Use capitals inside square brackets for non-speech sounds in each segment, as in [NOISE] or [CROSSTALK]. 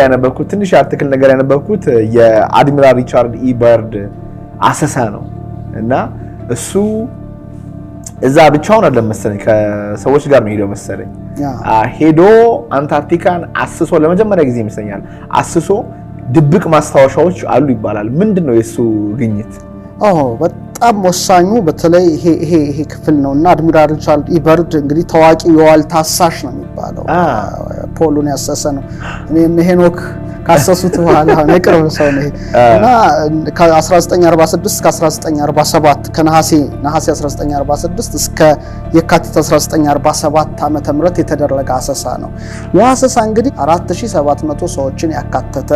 ያነበብኩት ትንሽ አርቲክል ነገር ያነበብኩት የአድሚራል ሪቻርድ ኢበርድ አሰሳ ነው እና እሱ እዛ ብቻውን አይደለም መሰለኝ ከሰዎች ጋር ነው ሄደው መሰለኝ ሄዶ አንታርክቲካን አስሶ ለመጀመሪያ ጊዜ ይመስለኛል አስሶ ድብቅ ማስታወሻዎች አሉ ይባላል። ምንድን ነው የእሱ ግኝት? በጣም ወሳኙ በተለይ ይሄ ይሄ ይሄ ክፍል ነው እና አድሚራል ሪቻርድ ኢበርድ እንግዲህ ታዋቂ የዋልታ አሳሽ ነው የሚባለው። ፖሉን ያሰሰ ነው። እኔም ሄኖክ ካሰሱት በኋላ የቅርብ ሰው ነው እና ከ1946 እስከ 1947 ከነሐሴ ነሐሴ 1946 እስከ የካቲት 1947 ዓመተ ምህረት የተደረገ አሰሳ ነው። ይህ አሰሳ እንግዲህ 4700 ሰዎችን ያካተተ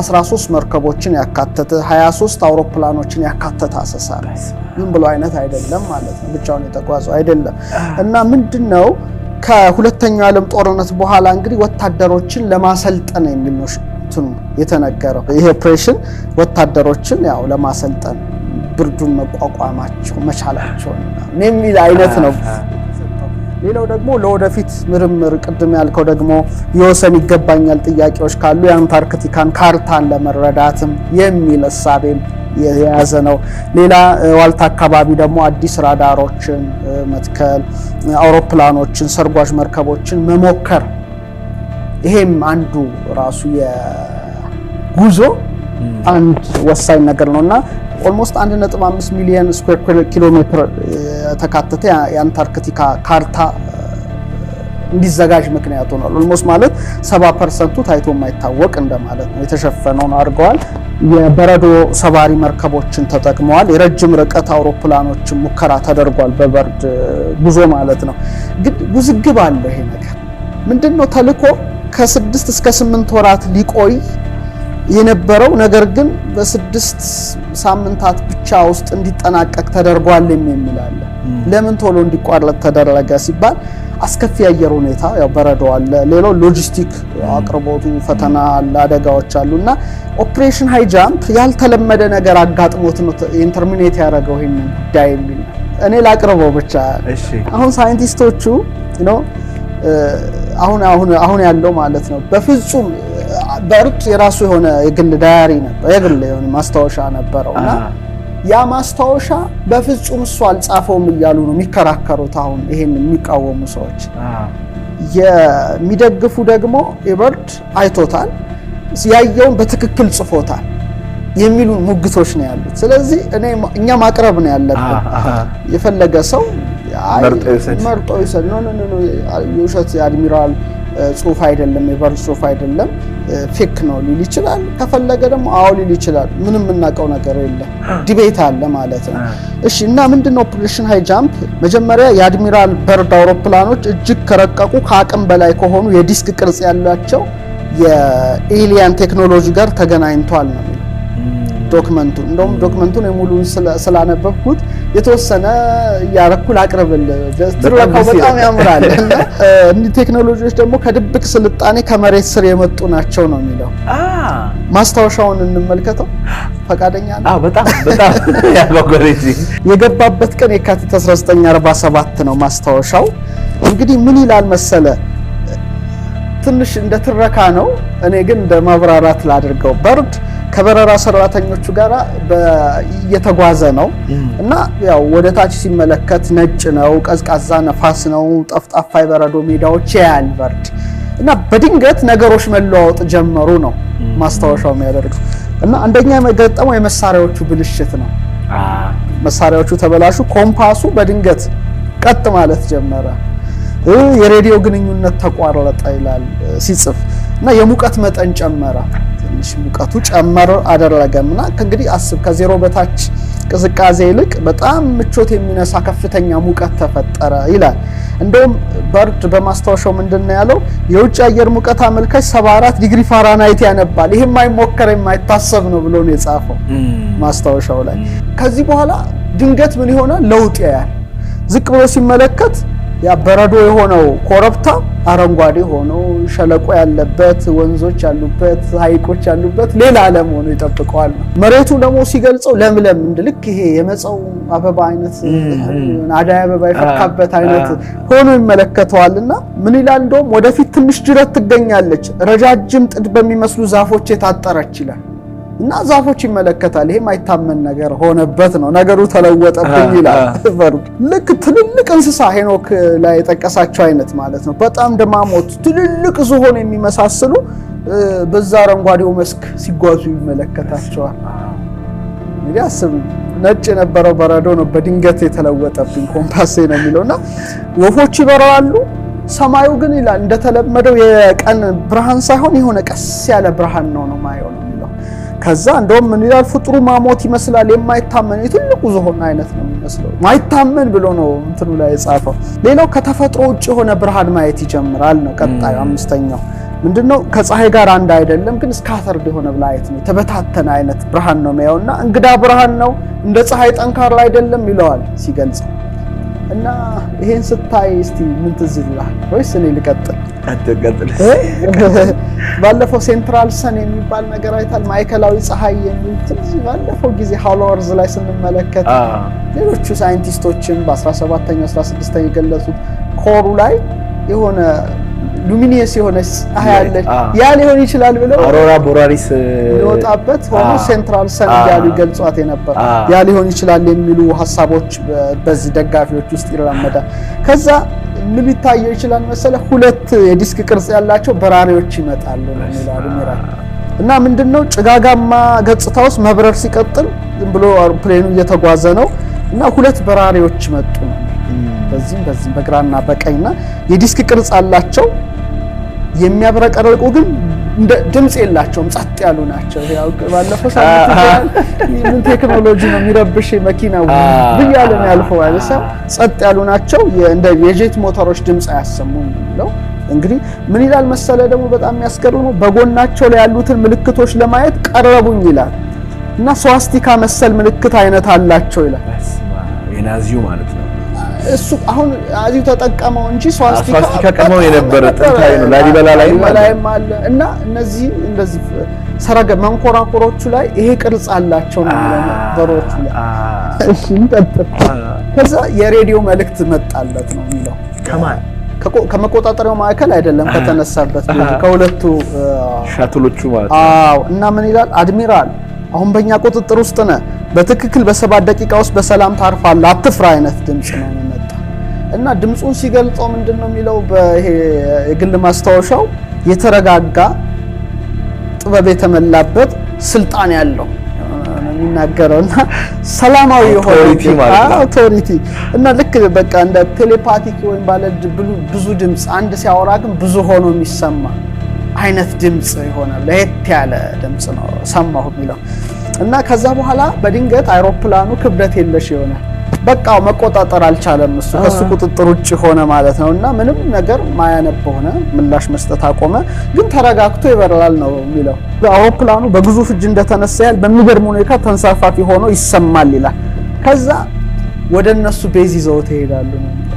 13 መርከቦችን ያካተተ 23 አውሮፕላኖችን ያካተተ አሰሳ ነው። ዝም ብሎ አይነት አይደለም ማለት ነው። ብቻውን የተጓዘው አይደለም እና ምንድን ነው ከሁለተኛው ዓለም ጦርነት በኋላ እንግዲህ ወታደሮችን ለማሰልጠን የሚል የተነገረው። ይሄ ኦፕሬሽን ወታደሮችን ያው ለማሰልጠን ብርዱን መቋቋማቸው መቻላቸው የሚል አይነት ነው። ሌላው ደግሞ ለወደፊት ምርምር ቅድም ያልከው ደግሞ የወሰን ይገባኛል ጥያቄዎች ካሉ የአንታርክቲካን ካርታን ለመረዳትም የሚል እሳቤም የያዘ ነው። ሌላ ዋልታ አካባቢ ደግሞ አዲስ ራዳሮችን መትከል፣ አውሮፕላኖችን፣ ሰርጓዥ መርከቦችን መሞከር ይሄም አንዱ ራሱ የጉዞ አንድ ወሳኝ ነገር ነው እና ኦልሞስት 1.5 ሚሊዮን ስኩዌር ኪሎ ሜትር የተካተተ የአንታርክቲካ ካርታ እንዲዘጋጅ ምክንያት ሆኗል። ኦልሞስት ማለት 70 ፐርሰንቱ ታይቶ የማይታወቅ እንደማለት ነው። የተሸፈነውን አድርገዋል። የበረዶ ሰባሪ መርከቦችን ተጠቅመዋል። የረጅም ርቀት አውሮፕላኖችን ሙከራ ተደርጓል። በበርድ ጉዞ ማለት ነው። ግን ውዝግብ አለ ይሄ ነገር ምንድን ነው? ተልኮ ከስድስት እስከ ስምንት ወራት ሊቆይ የነበረው ነገር ግን በስድስት ሳምንታት ብቻ ውስጥ እንዲጠናቀቅ ተደርጓል የሚል አለ። ለምን ቶሎ እንዲቋረጥ ተደረገ ሲባል አስከፊ የአየር ሁኔታ ያው በረዶ አለ። ሌላው ሎጂስቲክ አቅርቦቱ ፈተና አለ፣ አደጋዎች አሉ እና ኦፕሬሽን ሃይ ጃምፕ ያልተለመደ ነገር አጋጥሞት ነው ኢንተርሚኔት ያደረገው ይህን ጉዳይ የሚል እኔ ላቅርበው ብቻ። አሁን ሳይንቲስቶቹ ነው አሁን አሁን አሁን ያለው ማለት ነው በፍጹም በእርግጥ የራሱ የሆነ የግል ዳያሪ ነበር የግል የሆነ ማስታወሻ ነበረው እና ያ ማስታወሻ በፍጹም እሱ አልጻፈውም እያሉ ነው የሚከራከሩት። አሁን ይሄን የሚቃወሙ ሰዎች የሚደግፉ ደግሞ ኢበርድ አይቶታል፣ ያየውን በትክክል ጽፎታል የሚሉ ሙግቶች ነው ያሉት። ስለዚህ እኔ እኛ ማቅረብ ነው ያለብን። የፈለገ ሰው መርጦ ይውሰድ ውሸት የውሸት የአድሚራል ጽሁፍ አይደለም፣ የበር ጽሁፍ አይደለም፣ ፌክ ነው ሊል ይችላል። ከፈለገ ደግሞ አዎ ሊል ይችላል። ምንም የምናውቀው ነገር የለም። ዲቤት አለ ማለት ነው። እሺ እና ምንድነው ኦፕሬሽን ሃይ ጃምፕ? መጀመሪያ የአድሚራል በርድ አውሮፕላኖች እጅግ ከረቀቁ ከአቅም በላይ ከሆኑ የዲስክ ቅርጽ ያላቸው የኤሊያን ቴክኖሎጂ ጋር ተገናኝቷል ነው ዶክመንቱ። እንደውም ዶክመንቱን የሙሉን ስላነበብኩት የተወሰነ ያረኩል አቅርብል ትረካው በጣም ያምራል። [LAUGHS] እና ቴክኖሎጂዎች ደግሞ ከድብቅ ስልጣኔ ከመሬት ስር የመጡ ናቸው ነው የሚለው። ማስታወሻውን እንመልከተው ፈቃደኛ ነው። በጣም [LAUGHS] የገባበት ቀን የካቲት 1947 ነው። ማስታወሻው እንግዲህ ምን ይላል መሰለ ትንሽ እንደ ትረካ ነው። እኔ ግን እንደ ማብራራት ላድርገው በርድ ከበረራ ሰራተኞቹ ጋር እየተጓዘ ነው እና ያው ወደ ታች ሲመለከት ነጭ ነው፣ ቀዝቃዛ ነፋስ ነው፣ ጠፍጣፋ የበረዶ ሜዳዎች ያያል በርድ እና በድንገት ነገሮች መለዋወጥ ጀመሩ ነው ማስታወሻው የሚያደርገው እና አንደኛ የገጠመው የመሳሪያዎቹ ብልሽት ነው። መሳሪያዎቹ ተበላሹ። ኮምፓሱ በድንገት ቀጥ ማለት ጀመረ። የሬዲዮ ግንኙነት ተቋረጠ ይላል ሲጽፍ እና የሙቀት መጠን ጨመረ። ትንሽ ሙቀቱ ጨመር አደረገምና ከእንግዲህ አስብ ከዜሮ በታች ቅዝቃዜ ይልቅ በጣም ምቾት የሚነሳ ከፍተኛ ሙቀት ተፈጠረ ይላል። እንደውም በርድ በማስታወሻው ምንድን ነው ያለው? የውጭ አየር ሙቀት አመልካች 74 ዲግሪ ፋራናይት ያነባል። ይህም የማይሞከር የማይታሰብ ነው ብሎ ነው የጻፈው ማስታወሻው ላይ። ከዚህ በኋላ ድንገት ምን ይሆናል? ለውጥ ያያል። ዝቅ ብሎ ሲመለከት ያ በረዶ የሆነው ኮረብታ አረንጓዴ ሆኖ ሸለቆ ያለበት ወንዞች ያሉበት ሐይቆች ያሉበት ሌላ ዓለም ሆኖ ይጠብቀዋል። መሬቱ ደግሞ ሲገልጸው ለምለም እንደ ልክ ይሄ የመጸው አበባ አይነት አዳይ አበባ የፈካበት አይነት ሆኖ ይመለከተዋል እና ምን ይላል? እንደውም ወደፊት ትንሽ ጅረት ትገኛለች፣ ረጃጅም ጥድ በሚመስሉ ዛፎች የታጠረች ይላል። እና ዛፎች ይመለከታል። ይሄ ማይታመን ነገር ሆነበት ነው ነገሩ ተለወጠብኝ ይላል በሩቅ ልክ ትልልቅ እንስሳ ሄኖክ ላይ የጠቀሳቸው አይነት ማለት ነው። በጣም ደማሞት ትልልቅ ዝሆን የሚመሳስሉ በዛ አረንጓዴው መስክ ሲጓዙ ይመለከታቸዋል። እንግዲህ አስብ ነጭ የነበረው በረዶ ነው በድንገት የተለወጠብኝ ኮምፓሴ ነው የሚለውና ወፎች ይበረዋሉ። ሰማዩ ግን ይላል እንደተለመደው የቀን ብርሃን ሳይሆን የሆነ ቀስ ያለ ብርሃን ነው ነው ማየው ነው ከዛ እንደውም ምን ይላል ፍጥሩ ማሞት ይመስላል የማይታመን የትልቁ ዝሆን አይነት ነው የሚመስለው ማይታመን ብሎ ነው እንትኑ ላይ የጻፈው ሌላው ከተፈጥሮ ውጭ የሆነ ብርሃን ማየት ይጀምራል ነው ቀጣዩ አምስተኛው ምንድነው ከፀሐይ ጋር አንድ አይደለም ግን ስካተርድ የሆነ ብላየት ነው የተበታተነ አይነት ብርሃን ነው እና እንግዳ ብርሃን ነው እንደ ፀሐይ ጠንካራ አይደለም ይለዋል ሲገልጽ እና ይሄን ስታይ እስቲ ምን ትዝ ይልሃል ወይስ እኔ ልቀጥል [LAUGHS] ባለፈው ሴንትራል ሰን የሚባል ነገር አይታል። ማዕከላዊ ፀሐይ የሚል ባለፈው ጊዜ ሀሎወርዝ ላይ ስንመለከት ሌሎቹ ሳይንቲስቶችም በ17ኛው 16ኛው የገለጹት ኮሩ ላይ የሆነ ሉሚኒየስ የሆነ ፀሐይ አለ። ያ ሊሆን ይችላል ብለው አውሮራ ቦራሊስ ሊወጣበት ሆኖ ሴንትራል ሰን እያሉ ይገልጿት የነበር ያ ሊሆን ይችላል የሚሉ ሀሳቦች በዚህ ደጋፊዎች ውስጥ ይራመዳል። ከዛ ምን ሊታየው ይችላል መሰለ ሁለት የዲስክ ቅርጽ ያላቸው በራሪዎች ይመጣሉ ይላሉ ሚራክል እና ምንድነው ጭጋጋማ ገጽታ ውስጥ መብረር ሲቀጥል ዝም ብሎ አውሮፕላኑ እየተጓዘ ነው እና ሁለት በራሪዎች መጡ ነው በዚህም በዚህም በግራና በቀኝና የዲስክ ቅርጽ አላቸው። የሚያብረቀርቁ ግን እንደ ድምጽ የላቸውም፣ ጸጥ ያሉ ናቸው። ያው ባለፈው ሳምንት ምን ቴክኖሎጂ ነው የሚረብሽ መኪና ብያለ ነው ያልፈው አይደል? ጸጥ ያሉ ናቸው። እንደ የጄት ሞተሮች ድምጽ አያሰሙም ነው። እንግዲህ ምን ይላል መሰለ ደግሞ በጣም የሚያስገርም ነው። በጎናቸው ላይ ያሉትን ምልክቶች ለማየት ቀረቡኝ ይላል እና ስዋስቲካ መሰል ምልክት አይነት አላቸው ይላል። የናዚው ማለት ነው እሱ አሁን አዚሁ ተጠቀመው እንጂ ስዋስቲካ ቀመው የነበረ ጥንታዊ ነው። ላሊበላ ላይም አለ እና እነዚህ እንደዚህ ሰረገ ላይ ይሄ ቅርጽ አላቸው ነው በሮቹ ላይ ከዛ የሬዲዮ መልእክት መጣለት ነው የሚለው ከመቆጣጠሪያው ማዕከል አይደለም ከተነሳበት ከሁለቱ ሻትሎቹ ማለት ነው። እና ምን ይላል አድሚራል አሁን በእኛ ቁጥጥር ውስጥ ነህ። በትክክል በሰባት ደቂቃ ውስጥ በሰላም ታርፋለህ። አትፍራ አይነት ድምጽ ነው። እና ድምፁን ሲገልጸው ምንድን ነው የሚለው? በይሄ የግል ማስታወሻው የተረጋጋ ጥበብ የተመላበት ስልጣን ያለው የሚናገረው እና ሰላማዊ የሆነ አውቶሪቲ እና ልክ በቃ እንደ ቴሌፓቲክ ወይም ባለ ብዙ ድምፅ አንድ ሲያወራ ግን ብዙ ሆኖ የሚሰማ አይነት ድምፅ የሆነ ለየት ያለ ድምፅ ነው ሰማሁ የሚለው እና ከዛ በኋላ በድንገት አይሮፕላኑ ክብደት የለሽ ይሆናል። በቃ መቆጣጠር አልቻለም። እሱ ከሱ ቁጥጥር ውጭ ሆነ ማለት ነው እና ምንም ነገር ማያነብ ሆነ፣ ምላሽ መስጠት አቆመ። ግን ተረጋግቶ ይበራል ነው የሚለው። አውሮፕላኑ በግዙፍ እጅ እንደተነሳ ያህል በሚገርም ሁኔታ ተንሳፋፊ ሆኖ ይሰማል ይላል። ከዛ ወደ እነሱ ቤዝ ይዘውት ይሄዳሉ።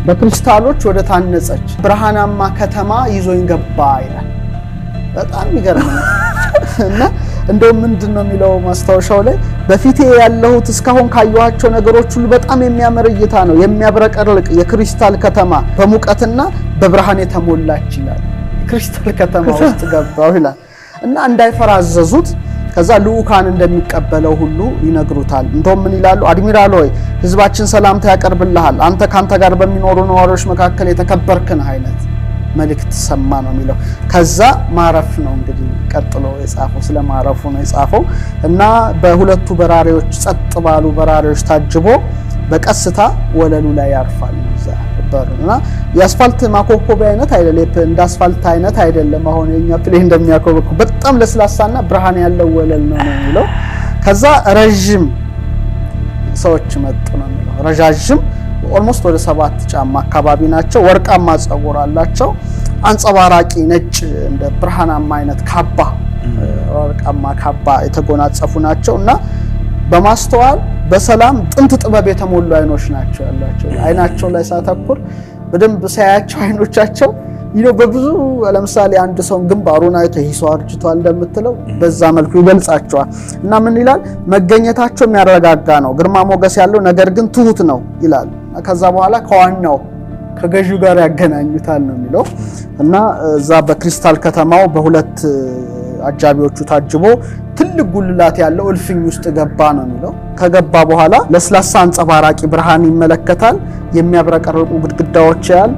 በክሪስታሎች ወደ ታነጸች ብርሃናማ ከተማ ይዞኝ ገባ ይላል። በጣም ይገርም [LAUGHS] እና እንደውም ምንድን ነው የሚለው ማስታወሻው ላይ በፊቴ ያለሁት እስካሁን ካየኋቸው ነገሮች ሁሉ በጣም የሚያምር እይታ ነው፣ የሚያብረቀርቅ የክሪስታል ከተማ በሙቀትና በብርሃን የተሞላች ይላል። ክሪስታል ከተማ ውስጥ ገባው ይላል እና እንዳይፈራ አዘዙት። ከዛ ልዑካን እንደሚቀበለው ሁሉ ይነግሩታል። እንደውም ምን ይላሉ? አድሚራል ሆይ ህዝባችን ሰላምታ ያቀርብልሃል፣ አንተ ካንተ ጋር በሚኖሩ ነዋሪዎች መካከል የተከበርክን አይነት መልእክት ሰማ ነው የሚለው። ከዛ ማረፍ ነው እንግዲህ ቀጥሎ የጻፈው ስለ ማረፉ ነው የጻፈው እና በሁለቱ በራሪዎች ጸጥ ባሉ በራሪዎች ታጅቦ በቀስታ ወለሉ ላይ ያርፋል እዛ እና የአስፋልት ማኮብኮቢያ አይነት አይደለም፣ እንደ አስፋልት አይነት አይደለም። አሁን የኛ ፕሌ እንደሚያኮበኩ በጣም ለስላሳና ብርሃን ያለው ወለል ነው ነው የሚለው። ከዛ ረዥም ሰዎች መጡ ነው የሚለው ረዣዥም ኦልሞስት ወደ ሰባት ጫማ አካባቢ ናቸው። ወርቃማ ጸጉር አላቸው። አንጸባራቂ ነጭ እንደ ብርሃናማ አይነት ካባ ወርቃማ ካባ የተጎናጸፉ ናቸው እና በማስተዋል በሰላም ጥንት ጥበብ የተሞሉ አይኖች ናቸው ያሏቸው። አይናቸው ላይ ሳተኩር በደንብ ሳያቸው አይኖቻቸው በብዙ ለምሳሌ አንድ ሰው ግንባሩን አይቶ ይህ አርጅቷል እንደምትለው በዛ መልኩ ይገልጻቸዋል እና ምን ይላል መገኘታቸው የሚያረጋጋ ነው፣ ግርማ ሞገስ ያለው ነገር ግን ትሁት ነው ይላል። ከዛ በኋላ ከዋናው ከገዢው ጋር ያገናኙታል ነው የሚለው እና እዛ በክሪስታል ከተማው በሁለት አጃቢዎቹ ታጅቦ ትልቅ ጉልላት ያለው እልፍኝ ውስጥ ገባ ነው የሚለው። ከገባ በኋላ ለስላሳ አንጸባራቂ ብርሃን ይመለከታል። የሚያብረቀርቁ ግድግዳዎች ያል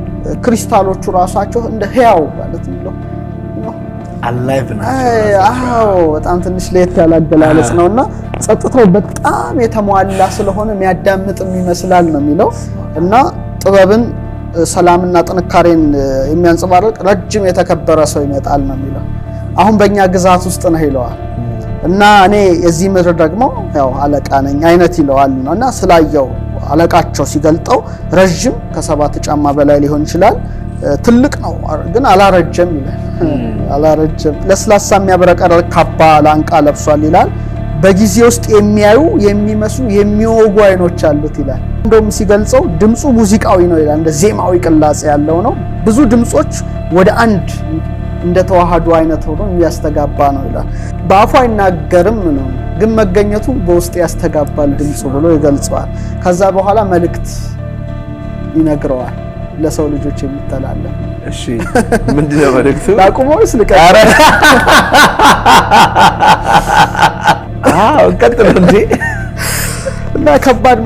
ክሪስታሎቹ ራሳቸው እንደ ህያው ማለት ነው አላይቭ ናቸው። አዎ በጣም ትንሽ ለየት ያለ አገላለጽ ነው እና ጸጥታው በጣም የተሟላ ስለሆነ የሚያዳምጥም ይመስላል ነው የሚለው እና ጥበብን ሰላምና ጥንካሬን የሚያንጸባርቅ ረጅም የተከበረ ሰው ይመጣል ነው የሚለው። አሁን በእኛ ግዛት ውስጥ ነው ይለዋል እና እኔ የዚህ ምድር ደግሞ ያው አለቃ ነኝ አይነት ይለዋል ነው እና ስላየው አለቃቸው ሲገልጠው ረዥም ከሰባት ጫማ በላይ ሊሆን ይችላል ትልቅ ነው ግን አላረጀም ይላል። አላረጀም ለስላሳ የሚያብረቀርቅ ካባ ላንቃ ለብሷል ይላል። በጊዜ ውስጥ የሚያዩ የሚመስሉ የሚወጉ አይኖች አሉት ይላል። እንደውም ሲገልጸው ድምፁ ሙዚቃዊ ነው ይላል። እንደ ዜማዊ ቅላጼ ያለው ነው። ብዙ ድምፆች ወደ አንድ እንደተዋሃዱ አይነት ሆኖ የሚያስተጋባ ነው ይላል። በአፉ አይናገርም ነው ግን መገኘቱ በውስጥ ያስተጋባል ድምፁ ብሎ ይገልጸዋል። ከዛ በኋላ መልእክት ይነግረዋል። ለሰው ልጆች የሚተላለፍ እሺ፣ ምንድን ነው መልእክቱ? ላቁም ወይስ ልቀጥል? [LAUGHS] አዎ ቀጥል እንጂ እና ከባድ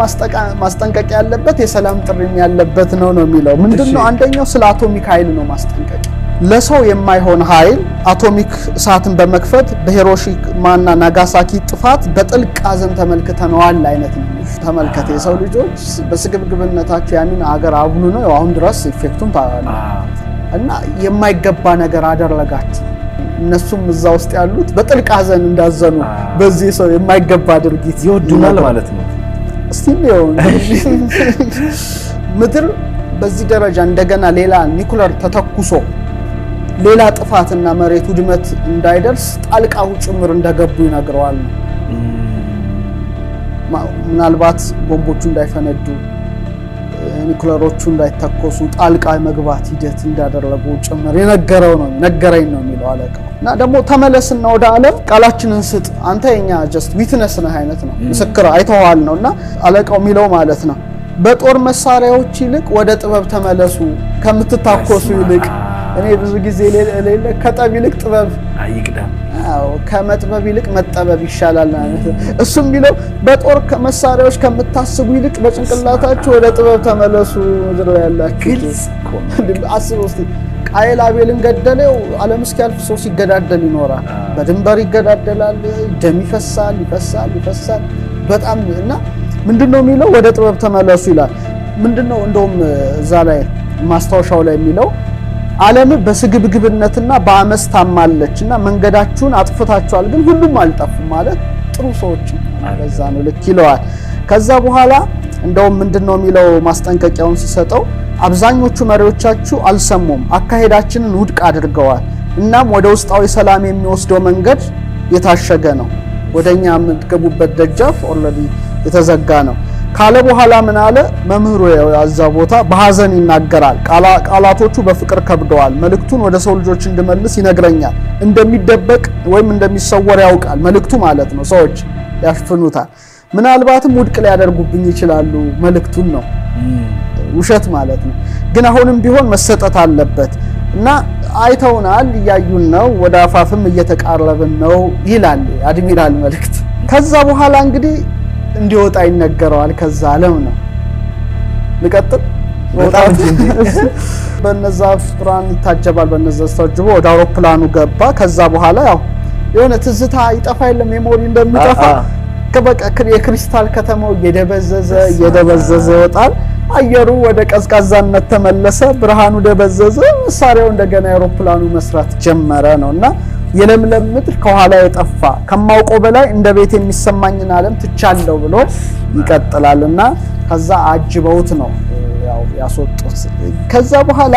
ማስጠንቀቂያ ያለበት የሰላም ጥሪም ያለበት ነው ነው የሚለው ምንድን ነው? አንደኛው ስለ አቶሚክ ኃይል ነው ማስጠንቀቂያ ለሰው የማይሆን ኃይል አቶሚክ እሳትን በመክፈት በሂሮሺማና ናጋሳኪ ጥፋት በጥልቅ ሐዘን ተመልክተነዋል አይነት ነው። ተመልከተ የሰው ልጆች በስግብግብነታቸው ያንን አገር አብሉ ነው። አሁን ድረስ ኢፌክቱን ታያለ እና የማይገባ ነገር አደረጋት። እነሱም እዛ ውስጥ ያሉት በጥልቅ ሐዘን እንዳዘኑ በዚህ ሰው የማይገባ ድርጊት ይወዱናል ማለት ነው። እስቲ ምድር በዚህ ደረጃ እንደገና ሌላ ኒኩለር ተተኩሶ ሌላ ጥፋትና መሬት ውድመት እንዳይደርስ ጣልቃው ጭምር እንደገቡ ይነግረዋል ምናልባት ቦምቦቹ እንዳይፈነዱ፣ ኒኩለሮቹ እንዳይተኮሱ ጣልቃ መግባት ሂደት እንዳደረጉ ጭምር የነገረው ነው ነገረኝ ነው የሚለው አለቃው። እና ደግሞ ተመለስና ወደ ዓለም ቃላችንን ስጥ አንተ የኛ ጀስት ዊትነስ ነህ አይነት ነው ምስክር አይተዋል ነው እና አለቃው የሚለው ማለት ነው በጦር መሳሪያዎች ይልቅ ወደ ጥበብ ተመለሱ ከምትታኮሱ ይልቅ እኔ ብዙ ጊዜ ሌለ ከጠብ ይልቅ ጥበብ አይቅዳም። አዎ ከመጥበብ ይልቅ መጠበብ ይሻላል። እሱም የሚለው በጦር መሳሪያዎች ከምታስቡ ይልቅ በጭንቅላታችሁ ወደ ጥበብ ተመለሱ። ዝሮ ያላችሁ አስበው እስኪ ቃየል አቤልን ገደለው። ዓለም እስኪያልፍ ሰው ሲገዳደል ይኖራል። በድንበር ይገዳደላል። ደም ይፈሳል ይፈሳል ይፈሳል በጣም እና ምንድን ነው የሚለው ወደ ጥበብ ተመለሱ ይላል። ምንድን ነው እንደውም እዛ ላይ ማስታወሻው ላይ የሚለው አለም በስግብግብነትና በአመስ እና መንገዳችሁን አጥፍታችኋል፣ ግን ሁሉም አልጠፉም ማለት ጥሩ ሰዎች በዛ ነው ልክ ይለዋል። ከዛ በኋላ እንደውም ምንድን ነው የሚለው ማስጠንቀቂያውን ሲሰጠው አብዛኞቹ መሪዎቻችሁ አልሰሙም፣ አካሄዳችንን ውድቅ አድርገዋል። እናም ወደ ውስጣዊ ሰላም የሚወስደው መንገድ የታሸገ ነው። ወደኛ የምትገቡበት ደጃፍ ኦልሬዲ የተዘጋ ነው። ካለ በኋላ ምን አለ? መምህሩ ያዛ ቦታ በሐዘን ይናገራል። ቃላቶቹ በፍቅር ከብደዋል። መልእክቱን ወደ ሰው ልጆች እንድመልስ ይነግረኛል። እንደሚደበቅ ወይም እንደሚሰወር ያውቃል። መልእክቱ ማለት ነው። ሰዎች ያሽፍኑታል። ምናልባትም ውድቅ ሊያደርጉብኝ ይችላሉ። መልእክቱን ነው ውሸት ማለት ነው። ግን አሁንም ቢሆን መሰጠት አለበት እና አይተውናል፣ እያዩን ነው፣ ወደ አፋፍም እየተቃረብን ነው ይላል አድሚራል መልእክት። ከዛ በኋላ እንግዲህ እንዲወጣ ይነገረዋል ከዛ አለም ነው። ንቀጥል [LAUGHS] በነዛ ፍጡራን ይታጀባል። በነዛ ስታጅቦ ወደ አውሮፕላኑ ገባ። ከዛ በኋላ ያው የሆነ ትዝታ ይጠፋ የለም ሜሞሪ እንደሚጠፋ ከበቃ የክሪስታል ከተማው እየደበዘዘ እየደበዘዘ ይወጣል። አየሩ ወደ ቀዝቃዛነት ተመለሰ። ብርሃኑ ደበዘዘ። መሳሪያው እንደገና አውሮፕላኑ መስራት ጀመረ ነውና የለምለም ምድር ከኋላ የጠፋ ከማውቀው በላይ እንደ ቤት የሚሰማኝን ዓለም ትቻለው ብሎ ይቀጥላል እና ከዛ አጅበውት ነው ያስወጡት። ከዛ በኋላ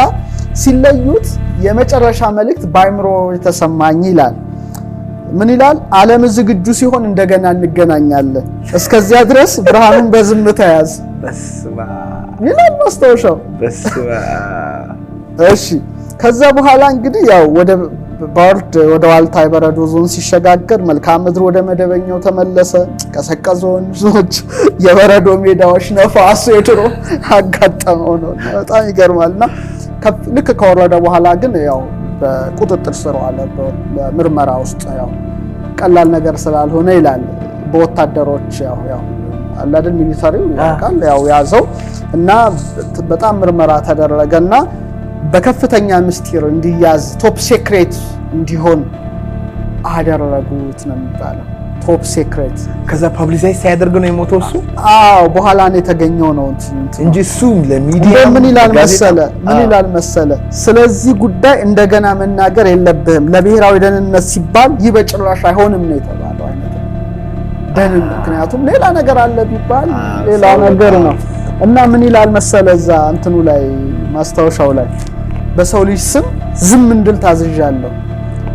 ሲለዩት የመጨረሻ መልእክት በአይምሮ የተሰማኝ ይላል። ምን ይላል? ዓለም ዝግጁ ሲሆን እንደገና እንገናኛለን። እስከዚያ ድረስ ብርሃኑን በዝምታ ያዝ ይላል ማስታወሻው። እሺ ከዛ በኋላ እንግዲህ ያው ወደ በርድ ወደ ዋልታ የበረዶ ዞን ሲሸጋገር መልክዓ ምድር ወደ መደበኛው ተመለሰ። ቀዘቀዘ ወንዞች፣ የበረዶ ሜዳዎች፣ ነፋሱ የድሮ አጋጠመው ነው። በጣም ይገርማል። እና ልክ ከወረደ በኋላ ግን ያው በቁጥጥር ስር አለ። በምርመራ ውስጥ ያው ቀላል ነገር ስላልሆነ ይላል በወታደሮች ያው ያው አላደል ሚሊተሪው ያው ያዘው እና በጣም ምርመራ ተደረገና በከፍተኛ ምስጢር እንዲያዝ ቶፕ ሴክሬት እንዲሆን አደረጉት ነው የሚባለው። ቶፕ ሴክሬት ከዛ ፐብሊሳይዝ ሳያደርግ ነው የሞተው እሱ። አዎ በኋላ ነው የተገኘው ነው እንጂ እሱ ለሚዲያ ምን ይላል መሰለ ምን ይላል መሰለ፣ ስለዚህ ጉዳይ እንደገና መናገር የለብህም ለብሔራዊ ደህንነት ሲባል ይህ በጭራሽ አይሆንም ነው የተባለው። አይነት ደህንነት ምክንያቱም ሌላ ነገር አለ ቢባል ሌላ ነገር ነው እና ምን ይላል መሰለ እዛ እንትኑ ላይ ማስታወሻው ላይ በሰው ልጅ ስም ዝም እንድል ታዝዣለሁ።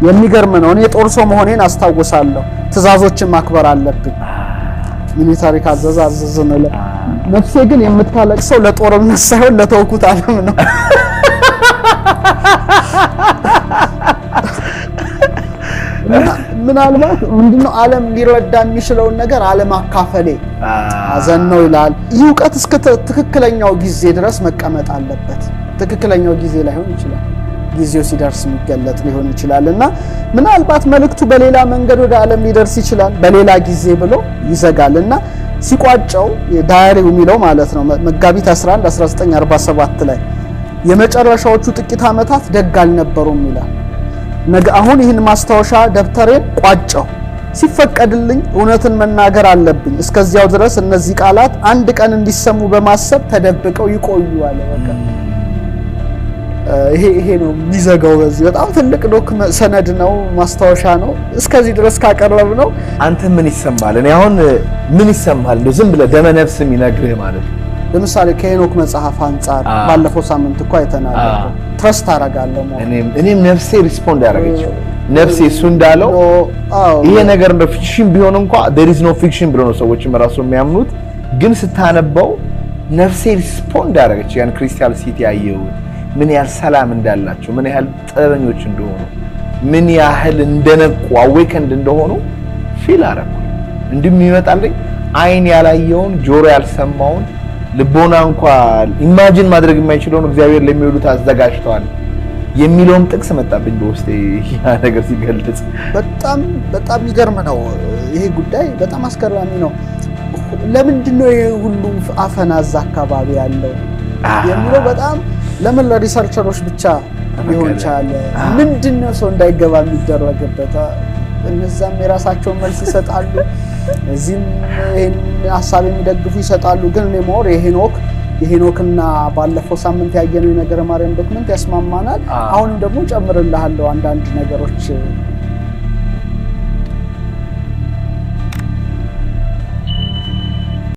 የሚገርም ነው። እኔ የጦር ሰው መሆኔን አስታውሳለሁ። ትእዛዞችን ማክበር አለብኝ። ሚሊታሪ ካዘዘ አዘዘ ነው። ነፍሴ ግን የምታለቅሰው ለጦርነት ሳይሆን ለተውኩት ዓለም ነው። ምናልባት ምንድነው ዓለም ሊረዳ የሚችለውን ነገር አካፈሌ አዘን ነው ይላል። ይህ እውቀት እስከ ትክክለኛው ጊዜ ድረስ መቀመጥ አለበት። ትክክለኛው ጊዜ ላይሆን ይችላል። ጊዜው ሲደርስ የሚገለጥ ሊሆን ይችላል እና ምናልባት መልእክቱ በሌላ መንገድ ወደ ዓለም ሊደርስ ይችላል። በሌላ ጊዜ ብሎ ይዘጋል እና ሲቋጨው ዳያሪው የሚለው ማለት ነው መጋቢት 11 1947 ላይ የመጨረሻዎቹ ጥቂት ዓመታት ደግ አልነበሩም ይላል። ነገ አሁን ይህን ማስታወሻ ደብተሬን ቋጨው። ሲፈቀድልኝ እውነትን መናገር አለብኝ። እስከዚያው ድረስ እነዚህ ቃላት አንድ ቀን እንዲሰሙ በማሰብ ተደብቀው ይቆዩ አለ። ይሄ ይሄ ነው የሚዘጋው። በዚህ በጣም ትልቅ ዶክ ሰነድ ነው፣ ማስታወሻ ነው። እስከዚህ ድረስ ካቀረብ ነው። አንተ ምን ይሰማል? እኔ አሁን ምን ይሰማል? እንደው ዝም ብለህ ደመ ነፍስ የሚነግርህ ማለት ነው። ለምሳሌ ከሄኖክ መጽሐፍ አንጻር ባለፈው ሳምንት እኮ አይተናል። ትረስት አደርጋለሁ። እኔም እኔም ነፍሴ ሪስፖንድ ያደረገችው ነፍሴ እሱ እንዳለው ይሄ ነገር እንደ ፊክሽን ቢሆን እንኳ there is no fiction ብሎ ነው ሰዎችም እራሱ የሚያምኑት። ግን ስታነበው ነፍሴ ሪስፖንድ ያደረገች ያን ክሪስታል ሲቲ ያየሁት ምን ያህል ሰላም እንዳላቸው፣ ምን ያህል ጥበበኞች እንደሆኑ፣ ምን ያህል እንደነቁ አዌከንድ እንደሆኑ ፊል አረኩ። እንዲሁም ይመጣልኝ አይን ያላየውን ጆሮ ያልሰማውን ልቦና እንኳ ኢማጂን ማድረግ የማይችለውን እግዚአብሔር ለሚወዱት አዘጋጅተዋል የሚለውም ጥቅስ መጣብኝ በውስጤ። ያ ነገር ሲገልጽ በጣም በጣም ይገርም ነው። ይሄ ጉዳይ በጣም አስገራሚ ነው። ለምንድን ነው ይሄ ሁሉ አፈና እዛ አካባቢ ያለው የሚለው በጣም ለምን ለሪሰርቸሮች ብቻ ሊሆን ቻለ? ምንድን ነው ሰው እንዳይገባ የሚደረግበት? እነዛም የራሳቸውን መልስ ይሰጣሉ፣ እዚህም ይህን ሀሳብ የሚደግፉ ይሰጣሉ። ግን እኔ ሞር የሄኖክ የሄኖክና ባለፈው ሳምንት ያየነው የነገረ ማርያም ዶክመንት ያስማማናል። አሁንም ደግሞ ጨምርልሃለሁ አንዳንድ ነገሮች